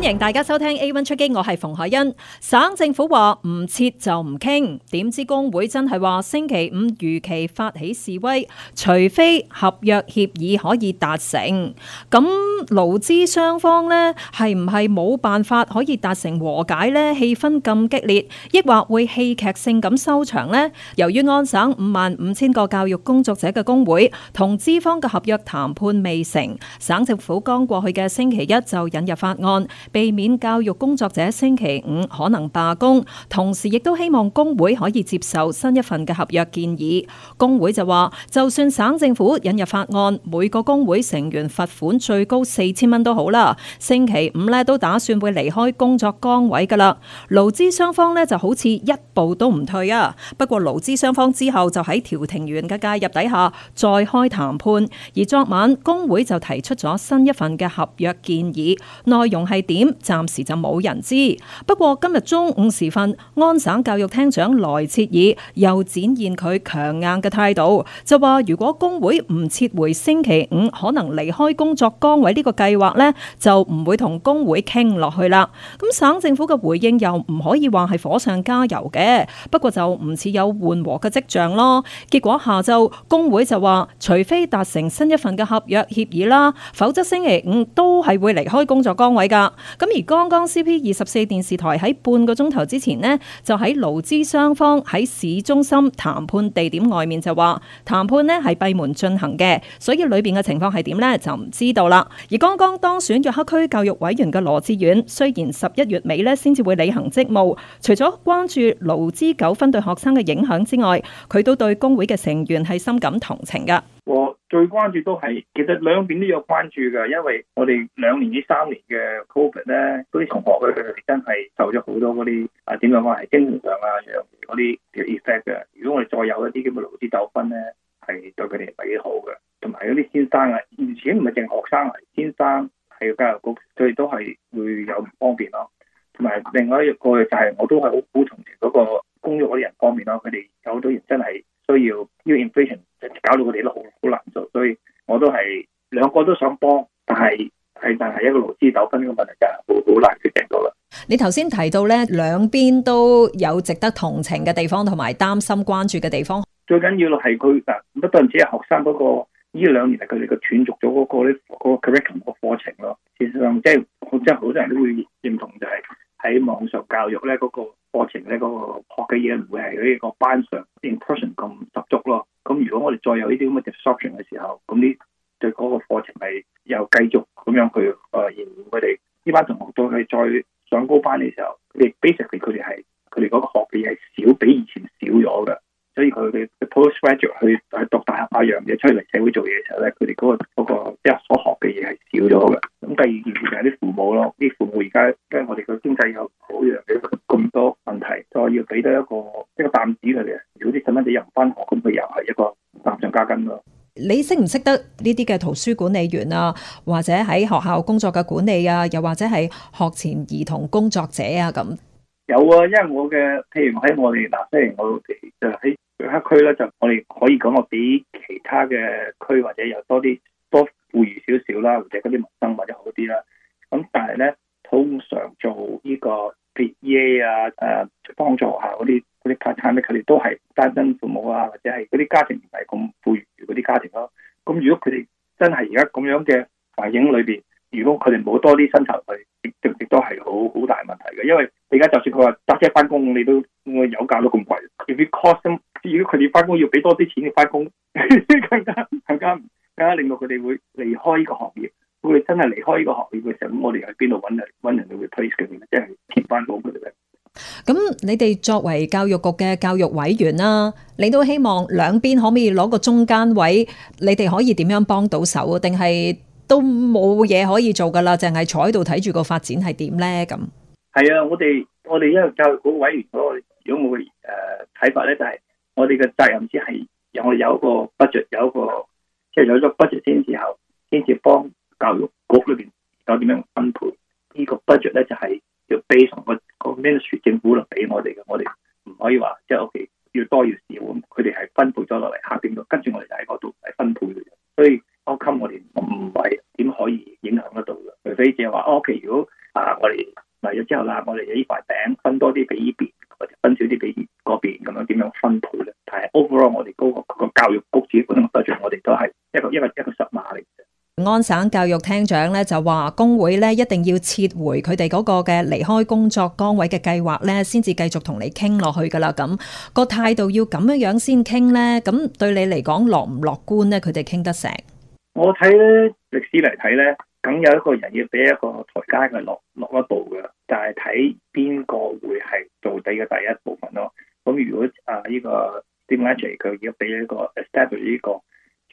歡迎大家收聽 A one 出擊，我係馮海恩。省政府話唔撤就唔傾，點知工會真係話星期五如期發起示威，除非合約協議可以達成。咁勞資雙方呢，係唔係冇辦法可以達成和解呢？氣氛咁激烈，抑或會，會戲劇性咁收場呢？由於安省五萬五千個教育工作者嘅工會同資方嘅合約談判未成，省政府剛過去嘅星期一就引入法案。避免教育工作者星期五可能罷工，同時亦都希望工會可以接受新一份嘅合約建議。工會就話，就算省政府引入法案，每個工會成員罰款最高四千蚊都好啦。星期五呢都打算會離開工作崗位噶啦。勞資雙方呢就好似一步都唔退啊。不過勞資雙方之後就喺調停員嘅介入底下再開談判。而昨晚工會就提出咗新一份嘅合約建議，內容係點？暫時就冇人知。不過今日中午時分，安省教育廳長萊切爾又展現佢強硬嘅態度，就話如果工會唔撤回星期五可能離開工作崗位呢個計劃呢就唔會同工會傾落去啦。咁省政府嘅回應又唔可以話係火上加油嘅，不過就唔似有緩和嘅跡象咯。結果下晝工會就話，除非達成新一份嘅合約協議啦，否則星期五都係會離開工作崗位噶。咁而剛剛 CP 二十四電視台喺半個鐘頭之前咧，就喺勞資雙方喺市中心談判地點外面就話談判咧係閉門進行嘅，所以裏邊嘅情況係點呢？就唔知道啦。而剛剛當選約克區教育委員嘅羅志遠，雖然十一月尾咧先至會履行職務，除咗關注勞資糾紛對學生嘅影響之外，佢都對工會嘅成員係深感同情㗎。最關注都係，其實兩邊都有關注㗎，因為我哋兩年至三年嘅 COVID 咧，嗰啲同學咧真係受咗好多嗰啲啊點講話係精神上啊，有嗰啲 effect 嘅。如果我哋再有一啲咁嘅勞資糾紛咧，係對佢哋唔係幾好嘅。同埋嗰啲先生啊，而且唔係淨學生，先生係要教育局，佢哋都係會有唔方便咯。同埋另外一個就係、是，我都係好好同情嗰個公屋嗰啲人方面咯，佢哋有好多人真係需要 inflation 搞到佢哋都好好難做，所以我都係兩個都想幫，但係係但係一個勞資糾紛呢個問題噶，好好難去決定到啦。你頭先提到咧，兩邊都有值得同情嘅地方，同埋擔心關注嘅地方。最緊要咯，係佢啊，唔單止係學生嗰、那個，呢兩年嚟佢哋嘅斷續咗嗰、那個啲、那個 curriculum 個課程咯。事實上，即係我真係好多人都會認同，就係喺網上教育咧嗰、那個課程咧嗰、那個學嘅嘢唔會係呢個班上 interaction 咁。如果我哋再有呢啲咁嘅 disruption 嘅時候，咁呢對嗰個課程係又繼續咁樣去誒、呃、延緩佢哋呢班同學到佢再上高班嘅時候，佢哋 basically 佢哋係佢哋個學學嘅嘢少，比以前少咗嘅，所以佢哋 postgraduate 去去讀大學啊樣嘢出嚟社會做嘢嘅時候咧，佢。識唔識得呢啲嘅圖書管理員啊，或者喺學校工作嘅管理啊，又或者係學前兒童工作者啊，咁有啊，因為我嘅，譬如喺我哋嗱，雖然我哋就喺最黑區咧，就我哋可以講我比其他嘅區或者又多啲多富裕少少啦，或者嗰啲民生或者好啲啦。咁但係咧，通常做呢個 P E A 啊，誒、啊，幫助學校嗰啲嗰啲 part time 咧，佢哋都係單身父母啊，或者係嗰啲家庭唔係咁富裕嗰啲家庭咯、啊。咁如果佢哋真係而家咁樣嘅環境裏邊，如果佢哋冇多啲薪酬去，亦亦都係好好大問題嘅。因為你而家就算佢話揸車翻工，你都個油價都咁貴，如果 cost，即如果佢哋翻工要俾多啲錢你翻工，更加更加更加令到佢哋會離開呢個行業。咁佢真係離開呢個行業嘅時候，咁我哋喺邊度揾人揾人哋會 place 嘅即係填返到咁你哋作為教育局嘅教育委員啦、啊，你都希望兩邊可唔可以攞個中間位？你哋可以點樣幫到手啊？定係都冇嘢可以做噶啦？淨係坐喺度睇住個發展係點咧？咁係啊！我哋我哋因為教育局委員所，如果我誒睇法咧，就係、是、我哋嘅責任只係有有個 budget，有一個，get，有一個即係有咗 budget 先之後先至幫教育局裏邊搞點樣分配、這個、呢個 budget 咧，就係。我哋嘅，我哋唔可以話即係 OK，要多要少咁，佢哋係分配咗落嚟，客邊度，跟住我哋就喺嗰度嚟分配嘅，所以 OK，我哋唔唔係點可以影響得到嘅，除非淨係話哦，OK，如果啊我哋嚟咗之後啦，我哋呢塊餅分多啲俾呢邊，或者分少啲俾嗰邊咁樣點樣分配咧？係 overall 我哋嗰個教育局自己本身得罪我哋都係一個一個一個神馬嚟。安省教育廳長咧就話工會咧一定要撤回佢哋嗰個嘅離開工作崗位嘅計劃咧，先至繼續同你傾落去噶啦。咁個態度要咁樣樣先傾咧，咁對你嚟講樂唔樂觀咧？佢哋傾得成？我睇咧歷史嚟睇咧，梗有一個人要俾一個台階嘅落落一步嘅，就係睇邊個會係到底嘅第一部分咯。咁如果啊呢個 d e m 佢要俾一個個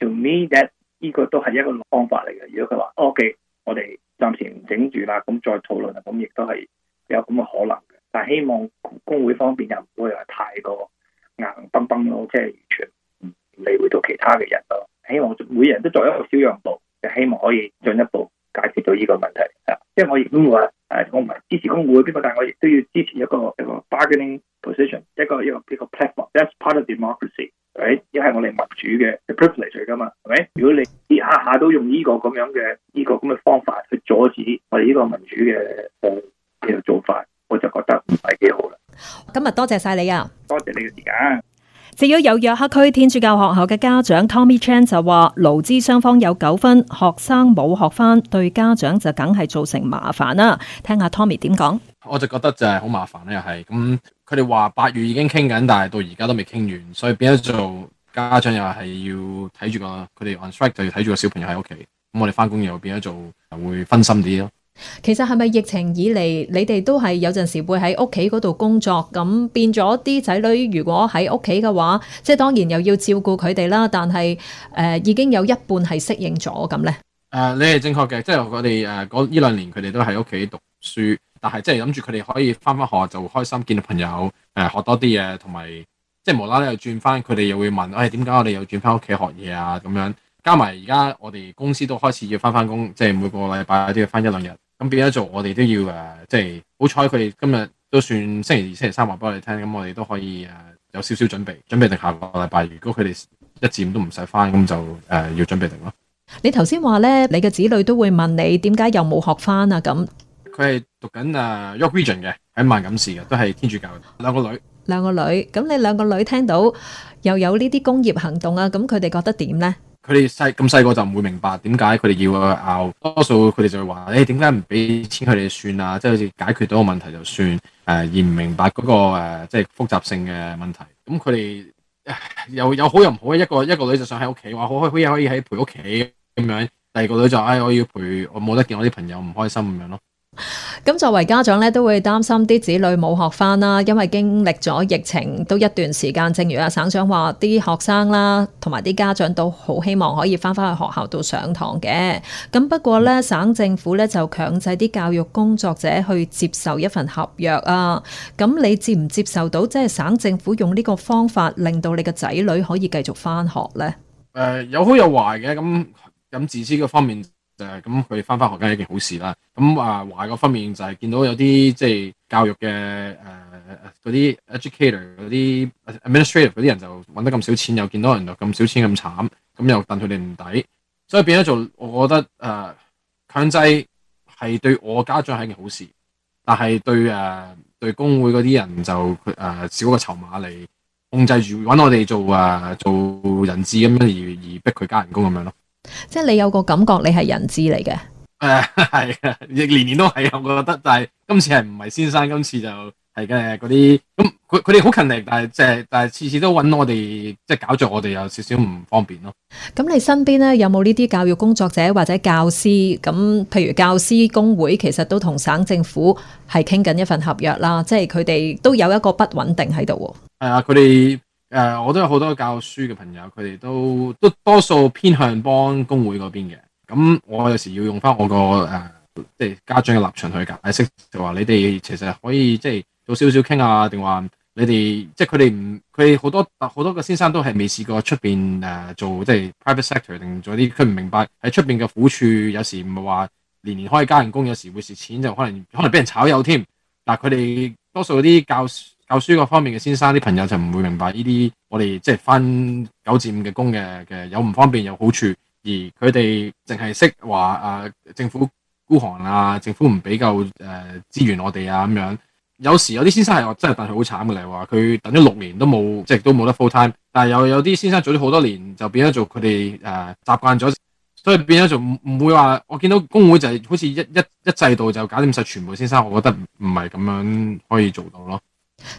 to me that。呢個都係一個方法嚟嘅。如果佢話，OK，我哋暫時唔整住啦，咁再討論，咁亦都係有咁嘅可能嘅，但係希望工會方面又唔會話太過硬崩崩咯，即係完全唔理會到其他嘅人咯。希望每人都作一個小讓步，就希望可以進一步解決到呢個問題。啊，即係我亦都會話，誒，我唔係支持工會邊個，但係我亦都要支。都用呢個咁樣嘅呢個咁嘅方法去阻止我哋呢個民主嘅、呃、做法，我就覺得唔係幾好啦。今日多謝晒你啊，多謝你嘅時間。至於有約克區天主教學校嘅家長 Tommy Chan 就話，勞資雙方有糾紛，學生冇學返，對家長就梗係造成麻煩啦，啊。聽下 Tommy 點講，我就覺得就係好麻煩咧，又係咁佢哋話八月已經傾緊，但係到而家都未傾完，所以變咗做。家長又係要睇住個佢哋 on strike，就要睇住個小朋友喺屋企。咁我哋返工又變咗做會分心啲咯。其實係咪疫情以嚟，你哋都係有陣時會喺屋企嗰度工作？咁變咗啲仔女，如果喺屋企嘅話，即係當然又要照顧佢哋啦。但係誒、呃、已經有一半係適應咗咁咧。誒、呃，你係正確嘅，即、就、係、是、我哋誒嗰呢兩年佢哋都喺屋企讀書，但係即係諗住佢哋可以返返學就開心，見到朋友，誒、呃、學多啲嘢，同埋。即係無啦啦又轉翻，佢哋又會問：誒，點解我哋又轉翻屋企學嘢啊？咁樣加埋而家我哋公司都開始要翻翻工，即係每個禮拜都要翻一兩日。咁變咗做我哋都要誒，即係好彩佢哋今日都算星期二、星期三話俾我哋聽，咁我哋都可以誒、啊、有少少準備，準備定下個禮拜。如果佢哋一至五都唔使翻，咁就誒、啊、要準備定咯。你頭先話咧，你嘅子女都會問你點解又冇學翻啊？咁佢係讀緊誒 York Region 嘅，喺萬錦市嘅，都係天主教兩個女。兩個女，咁你兩個女聽到又有呢啲工業行動啊，咁佢哋覺得點呢？佢哋細咁細個就唔會明白點解佢哋要啊拗，多數佢哋就會話：誒，點解唔俾錢佢哋算啊？即係好似解決到個問題就算誒，而唔明白嗰個誒即係複雜性嘅問題。咁佢哋又有好又唔好啊！一個一個女就想喺屋企，話好開心可以喺陪屋企咁樣；第二個女就誒，我要陪，我冇得見我啲朋友唔開心咁樣咯。咁作為家長咧，都會擔心啲子女冇學返啦，因為經歷咗疫情都一段時間。正如阿省長話，啲學生啦，同埋啲家長都好希望可以返返去學校度上堂嘅。咁、嗯、不過咧，省政府咧就強制啲教育工作者去接受一份合約啊。咁你接唔接受到？即係省政府用呢個方法，令到你個仔女可以繼續返學呢？誒、呃，有好有壞嘅。咁咁自私嘅方面。就咁，佢翻返學梗係一件好事啦。咁啊，壞個方面就係見到有啲即係教育嘅誒嗰啲 educator 嗰啲 administrator 嗰啲人就揾得咁少錢，又見到人又咁少錢咁慘，咁又戥佢哋唔抵，所以變咗做，我覺得誒，強制係對我家長係一件好事，但係對誒、呃、對工會嗰啲人就誒、呃、少個籌碼嚟控制住，搵我哋做啊做人質咁樣，而而逼佢加人工咁樣咯。即係你有個感覺，你係人質嚟嘅。誒、呃，係啊，亦年年都係我覺得，但係今次係唔係先生，今次就係嘅嗰啲咁，佢佢哋好勤力，但係即係，但係次次都搵我哋，即係搞著我哋，有少少唔方便咯。咁你身邊咧有冇呢啲教育工作者或者教師？咁譬如教師工會，其實都同省政府係傾緊一份合約啦。即係佢哋都有一個不穩定喺度。係啊、呃，佢哋。誒、呃，我都有好多教書嘅朋友，佢哋都都多數偏向幫工會嗰邊嘅。咁我有時要用翻我個誒，即、呃、係家長嘅立場去解釋，就話你哋其實可以即係做少少傾啊，定話你哋即係佢哋唔，佢哋好多好多個先生都係未試過出邊誒做，即係 private sector 定做啲，佢唔明白喺出邊嘅苦處，有時唔係話年年可以加人工，有時會蝕錢，就可能可能俾人炒友添。但係，佢哋多數啲教。教書嗰方面嘅先生啲朋友就唔會明白呢啲，我哋即係翻九至五嘅工嘅嘅，有唔方便有好處，而佢哋淨係識話誒政府孤寒啊，政府唔俾夠誒、呃、資源我哋啊咁樣。有時有啲先生係真係但係好慘嘅，例如話佢等咗六年都冇，即係都冇得 full time。但係又有啲先生做咗好多年，就變咗做佢哋誒習慣咗，所以變咗做唔唔會話。我見到工會就係好似一一一,一制度就搞掂晒全部先生，我覺得唔係咁樣可以做到咯。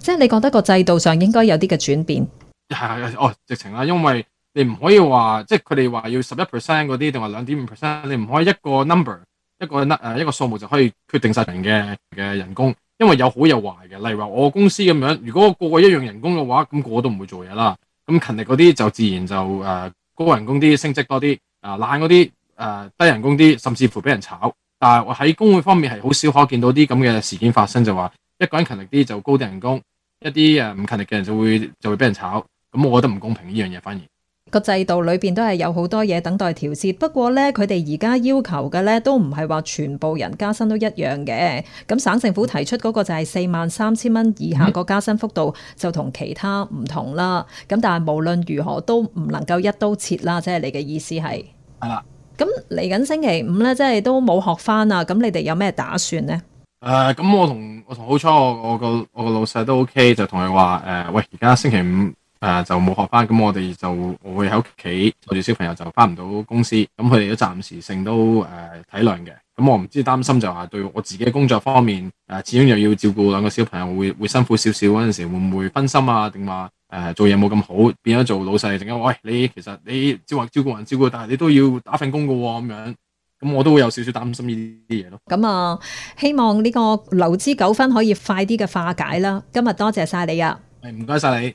即係你覺得個制度上應該有啲嘅轉變，係係哦，直情啦，因為你唔可以話，即係佢哋話要十一 percent 嗰啲，定話兩點五 percent，你唔可以一個 number，一個誒、呃、一個數目就可以決定晒人嘅、嘅人工，因為有好有壞嘅。例如話我公司咁樣，如果個個一樣人工嘅話，咁、那個個都唔會做嘢啦。咁勤力嗰啲就自然就誒、呃、高人工啲，升職多啲，啊、呃、懶嗰啲誒低人工啲，甚至乎俾人炒。但係我喺工會方面係好少可見到啲咁嘅事件發生，就話。一個人勤力啲就高啲人工，一啲啊唔勤力嘅人就會就會俾人炒，咁我覺得唔公平呢樣嘢，反而個制度裏邊都係有好多嘢等待調節。不過呢，佢哋而家要求嘅呢，都唔係話全部人加薪都一樣嘅。咁省政府提出嗰個就係四萬三千蚊以下個加薪幅度，嗯、就同其他唔同啦。咁但係無論如何都唔能夠一刀切啦，即係你嘅意思係係啦。咁嚟緊星期五呢，即係都冇學翻啊。咁你哋有咩打算呢？誒，咁我同我同好彩，我我個我個老細都 OK，就同佢話誒，喂，而家星期五誒、呃、就冇學返，咁、嗯、我哋就我會喺屋企我哋小朋友就返唔到公司，咁佢哋都暫時性都誒、呃、體諒嘅。咁、嗯、我唔知擔心就係對我自己工作方面誒、呃，始終又要照顧兩個小朋友，會會辛苦少少嗰陣時，會唔會分心啊？定話誒做嘢冇咁好，變咗做老細，定咁？喂，你其實你即話照顧人照顧，但係你都要打份工㗎喎，咁樣。咁我都會有少少擔心呢啲嘢咯。咁啊，希望呢個勞資糾紛可以快啲嘅化解啦。今日多謝晒你啊。唔該晒你。